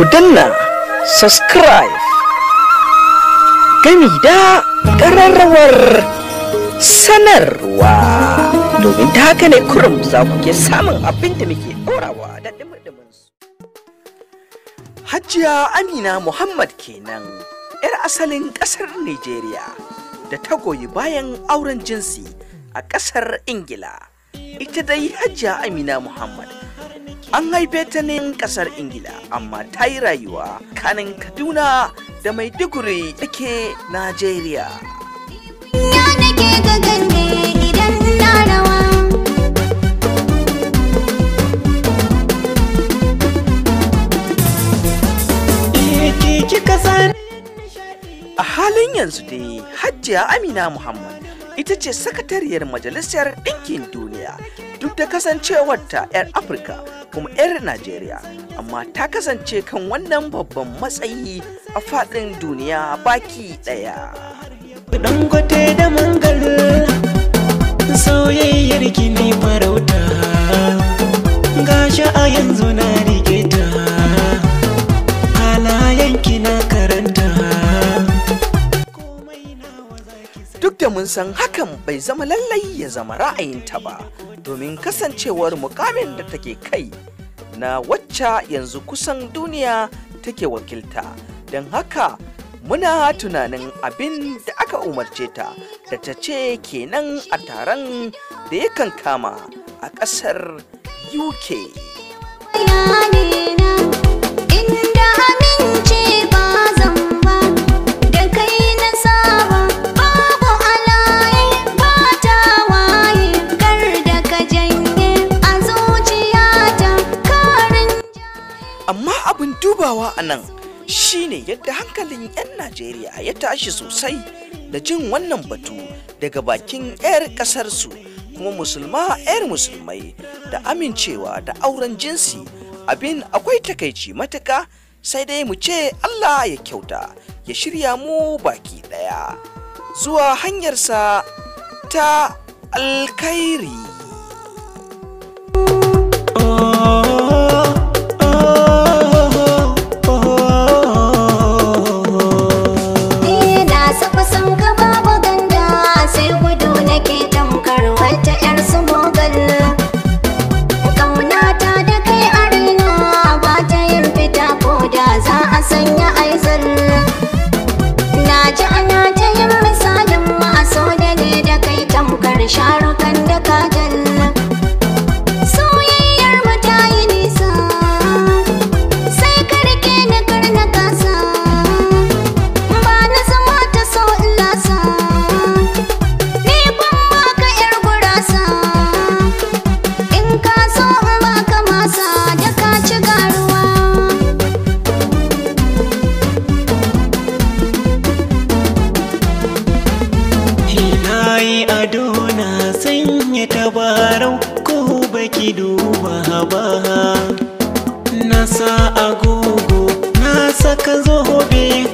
ku danna subscribe gami da ƙararrawar sanarwa domin ta haka ne kurum za ku ke samun abin da muke ɗorawa da ɗimɗimin su. Hajiya Amina Muhammad kenan 'yar asalin ƙasar Nijeriya da ta goyi bayan auren jinsi a ƙasar Ingila. Ita dai Hajiya Amina Muhammad An haife ta ne kasar Ingila amma ta yi rayuwa kanin Kaduna da Maiduguri da ke Najeriya. Eh, A halin yanzu dai Hajjiya Amina Muhammad ita ce sakatariyar Majalisar Ɗinkin Duniya duk da kasancewarta 'yar Afirka kuma 'yar Najeriya, amma ta kasance kan wannan babban matsayi a faɗin duniya baki ɗaya. Dangote da gini farauta gashi a yanzu na rike ta halayenki na karanta da mun san hakan bai zama lallai ya zama ra'ayinta ba domin kasancewar mukamin da take kai na wacce yanzu kusan duniya take wakilta don haka muna tunanin abin da aka umarce ta da ta ce kenan a taron da yakan kama a ƙasar uk. dubawa a nan shine yadda hankalin 'yan najeriya ya tashi sosai da jin wannan batu daga bakin 'yar kasarsu kuma musulma 'yar musulmai da amincewa da auren jinsi abin akwai takaici matuka sai dai mu ce allah ya kyauta ya shirya mu baki ɗaya zuwa hanyarsa ta alkhairi barau ko baki duba haba na sa agogo na saka hobin